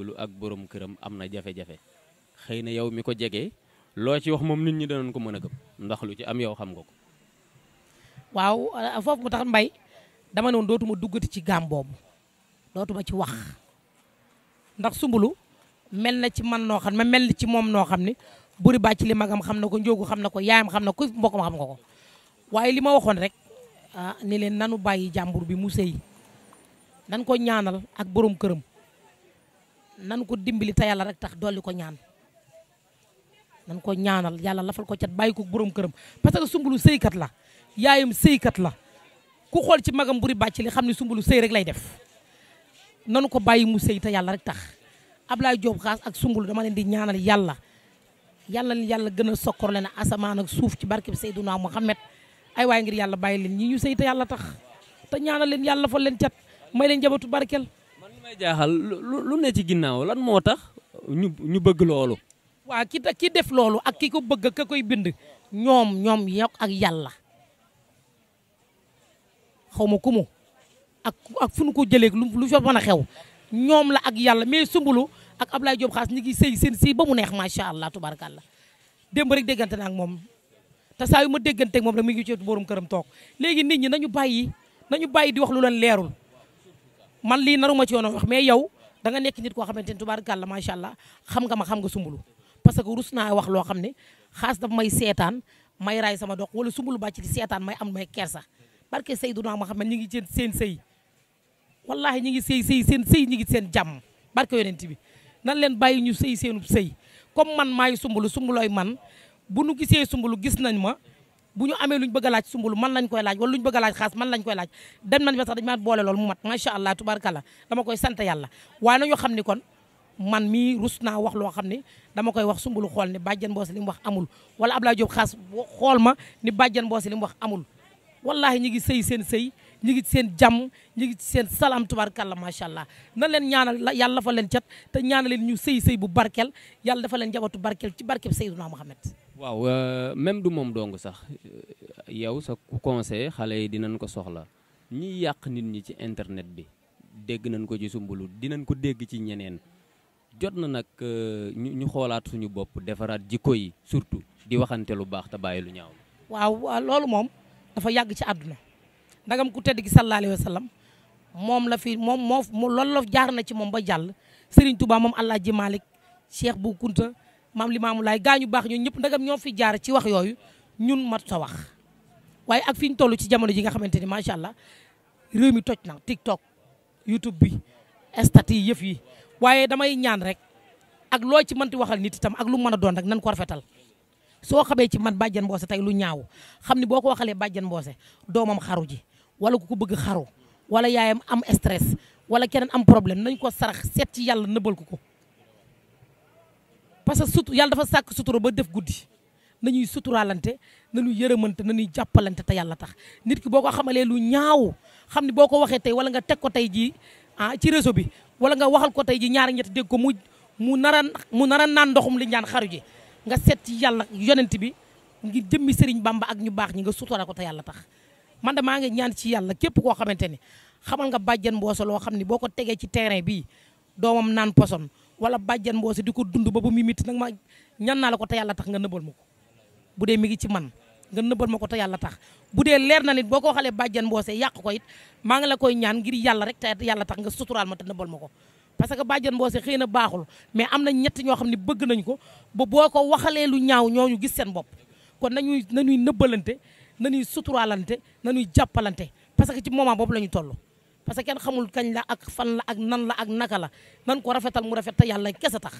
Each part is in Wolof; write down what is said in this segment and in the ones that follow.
lu ak borom këram am na jafe-jafe xëy na yow mi ko jege loo ci wax moom nit ñi danañ ko mën a gëm ndax lu ci am yow xam nga ko. waaw foofu mu mbay dama ne dootuma duggati ci gaam boobu dootuma ci wax ndax sumbulu mel na ci man noo mel na ci moom noo xam ne buri bàcc li magam xam na ko njóogu xam na ko yaayam xam na ko mbokkam xam nga ko waaye li ma waxoon rek ah, ni leen nanu bàyyi jàmbur bi mu sëy dañ ko ñaanal ak borom këram. nan ko dimbali te yàlla rek tax dolli ko ñaan nan ko ñaanal yàlla lafal ko cat bàyyi ko borom këram parce que sumbulu sëykat la yaayam sëykat la ko xool ci magam buri bàcc li xam ne sumbulu sëy rek lay def nanu ko bàyyi mu sëy te yàlla rek tax Ablaye Diop xaas ak sumbulu dama leen di ñaanal yàlla yàlla yàlla gën a sokkor leen asamaan ak suuf ci barkeb Seydunaa Muhammad ay waaye ngir yàlla bàyyi leen ñi ñu sëy te yàlla tax te ñaanal leen yàlla lafal leen cat may leen jabatu barkel may jaaxal lu lu ne ci ginnaaw lan moo tax ñu ñu bëgg loolu. waa ki ki def loolu ak ki ko bëgg ka koy bind ñoom ñoom yokk ak yàlla xaw ma kumu ak ak fu nu ko jëlee lu lu fa mën a xew ñoom la ak yàlla mais Soumboulou ak Ablaye Diop Khass ñu ngi sëy seen sëy ba mu neex macha allah tubaarkàlla démb dembari déggante na ak moom te saa yu ma déggante moom rek mu ngi ci boroom këram toog léegi nit ñi nañu bàyyi nañu bàyyi di wax lu leen leerul. man lii naruma ci yoon wax mais yow danga nekk nit koo xamante ni tubaarkàlla macha allah xam nga ma xam nga sumbulu parce que rus naa wax loo xam ne xaas daf may seetaan may raay sama dox wala sumbulu bàcc di seetaan may am may kersa barke Seydunaa Muhammad ñu ngi seen seen sëy wallahi ñu ngi sey sëy seen sëy ñu ngi seen jàmm barke bi nan leen bàyyi ñu sëy seenub sëy comme man maay sumbulu sumbulooy man bu nu gisee sumbulu gis nañ ma bu ñu amee lu ñu bëgg laaj sumbulu man lañ koy laaj wala lu ñu bëgg a laaj xaas man lañ koy laaj dem nañ ba sax dañ maa boole loolu mu mat macha allah tubarkalla dama koy sant yàlla waaye nañu xam ni kon man mii rus naa wax loo xam ne dama koy wax sumbulu xool ni bàjjan mboose li mu wax amul wala Ablaye Diop xaas xool ma ni bàjjan mboose li mu wax amul wallahi ñi ngi sey seen sëy ñi ngi seen jàmm ñi ngi seen salaam tubarkalla macha allah na leen ñaanal yàlla dafa leen cat te ñaanal leen ñu sëy sëy bu barkel yàlla dafa leen jabatu barkel ci barkeb Seydina Muhammad waaw euh, même du moom dong sax euh, yow sa conseil xale yi dinañ ko soxla ñi yàq nit ñi ci internet bi dégg nañ ko ci sumbulu dinañ ko dégg ci ñeneen jot na nag euh, ñu xoolaat suñu bopp defaraat jikko yi surtout di waxante lu baax te bàyyi lu ñaaw. waaw loolu moom dafa yàgg ci àdduna ndagam ku tedd gi sallallahu alayhi wa moom la fi moom moo loolu la jaar na ci moom ba jàll Serigne Touba moom El Hadj Malick Cheikh bu Kounta maam Limaamu Laay gaa ñu baax ñun ñëpp ndagam ñoo fi jaar ci wax yooyu ñun mat sa wax waaye ak fi ñu toll ci jamono ji nga xamante ni macha allah réew mi toj na TikTok YouTube bi stat yi yëf yi waaye damay ñaan rek ak loo ci mënti waxal nit itam ak lu mën a doon rek nan ko rafetal soo xabee ci man bàjjen mboose tey lu ñaaw xam ni boo ko waxalee bàjjen mboose doomam xaru ji wala ku ko bëgg xaru wala yaayam am stress wala keneen am problème nañ ko sarax seet yàlla nëbbal ko ko parce que sutu yàlla dafa sàkk sutura ba def guddi nañuy suturaalante nañuy na nañuy jàppalante te yàlla tax nit ki boo ko xamalee lu ñaaw xam ne boo ko waxee tey wala nga teg ko tey jii ah ci réseau bi wala nga waxal ko tey ji ñaari ñett dég ko mu mu nar a mu nar a naan ndoxum li ñaan xaru ji nga seet ci yàlla bi ngir jëmmi sëriñ Bamba ak ñu baax ñi nga sutura ko te yàlla tax man de maa ngi ñaan ci yàlla képp koo xamante ni xamal nga bàjjen mboosa loo xam ne boo ko tegee ci terrain bii doomam naan poson wala bàjjan mboose di ko dund ba ba muy mitti nag ma ñan naa la ko te yàlla tax nga nëbal ma ko bu dee mi ngi ci man nga nëbal ma ko te yàlla tax bu dee leer na nit boo ko xalee bàjjan mboose yàq ko it maa ngi la koy ñaan ngir yàlla rek te yàlla tax nga suturaal ma te nëbal ma ko parce que bàjjan mboose xëy na baaxul mais am na ñett ñoo xam ne bëgg nañ ko ba boo ko waxalee lu ñaaw ñooñu gis seen bopp kon na ñuy nëbbalante nañuy suturaalante nañuy jàppalante parce que ci moment boobu la ñu toll parce que kenn xamul kañ la ak fan la ak nan la ak naka la nan ko rafetal mu rafet te yàlla kese tax.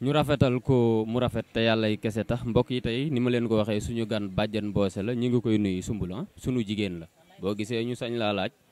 ñu rafetal ko mu rafet te yàlla kese tax mbokk yi tey ni ma leen ko waxee suñu gan bàjjen boose la ñu ngi koy nuyu sumbul ah sunu jigéen la boo gisee ñu sañ laa laaj.